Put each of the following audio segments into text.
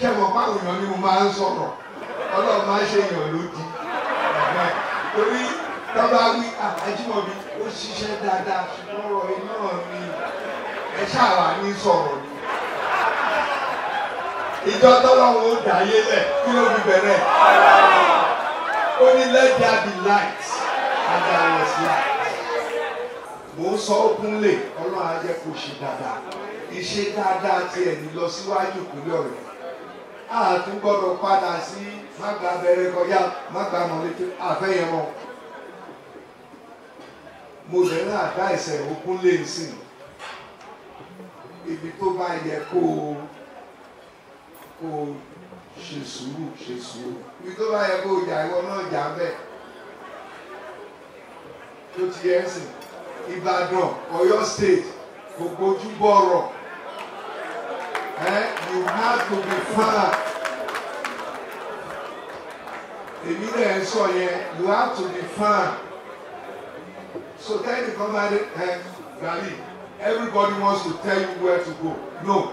ṣé mo pa àwọn èèyàn ni mo máa ń sọ̀rọ̀ ọlọ́run máa ń ṣe èèyàn lódì torí tọ́ba wí àjímọ̀bí ó ṣiṣẹ́ dáadáa ṣùgbọ́n ọ̀rọ̀ iná ni ẹ ṣàwà ní sọ̀rọ̀ ni. ìjọ tọ́lọ́run ó dàáyé lẹ̀ kí ló fi bẹ̀rẹ̀ ó ní let there be light and there was light mò ń sọ ókun lè ọlọ́run á jẹ́ kó ṣe dáadáa ìṣe dáadáa tiẹ̀ ní lọ síwájú ìpínlẹ̀ ọ̀rẹ́ àti gbọ́dọ̀ padà sí magba abẹ́rẹ́ kọjá magba mọ̀lẹ́tì àfẹ́yẹmọ. mo lè ní àdá ẹsẹ̀ òkun lè sìn ibi tó bá yẹ kó o kó o ṣe sùúrù ṣe sùúrù ibi tó bá yẹ kó o jà ìwọ náà jà bẹ́ẹ̀ tó ti yẹ ẹ̀sìn Ìbàdàn Ọ̀yọ́ state gbogbo ojúbọ ọ̀rọ̀ eh, you have to be father. Èmi dẹ̀ ń sọ yẹn, you have to be father. So tẹ́lẹ̀ the bá dé ẹ everybody wants to tell you where to go. No.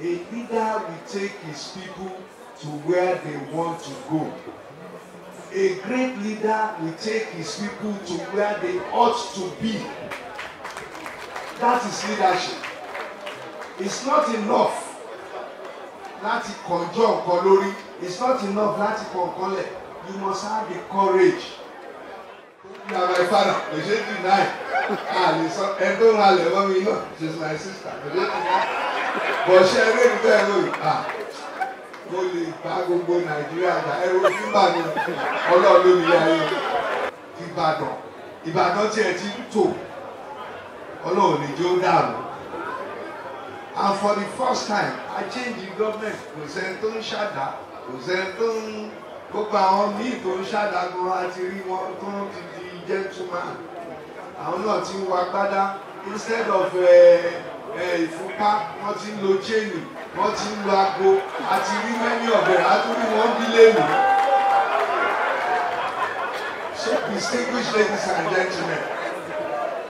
A leader will take his people to where they want to go. A great leader will take his people to where they ought to be. That is leadership it's not enough láti kọjọ́ nǹkan lórí it's not enough láti kọ nǹkan lẹ̀ you must have the courage. na my father they say deny ah le sọ ẹgbẹ́ wọn alẹ̀ wọ́n mi náà she is my sister they say deny but ṣe eré mi bẹ́ẹ̀ lóyún ah mo lè gba gbogbo nàìjíríà gba ẹrú nígbà mi ọlọ́ọ̀lù mi ayé ìbàdàn ìbàdàn tiẹ̀ ti tò ọlọ́ọ̀lù jẹ́ ó dàrú and for the first time I change the government kò sẹ́ni tó ń ṣàdá kò sẹ́ni tó ń gbogbo àwọn míì tó ń ṣàdá gan àti rí wọn tó ń ti di gentleman àwọn náà ti ń wọ agbádá instead of eh, eh, ìfúnpá wọ́n ti ń lo chain wọ́n ti ń lo ago àti rí mẹ́ni ọ̀bẹ̀rẹ̀ àtúrí wọn bí lẹ́nu. So distinguished ladies and gentlemen.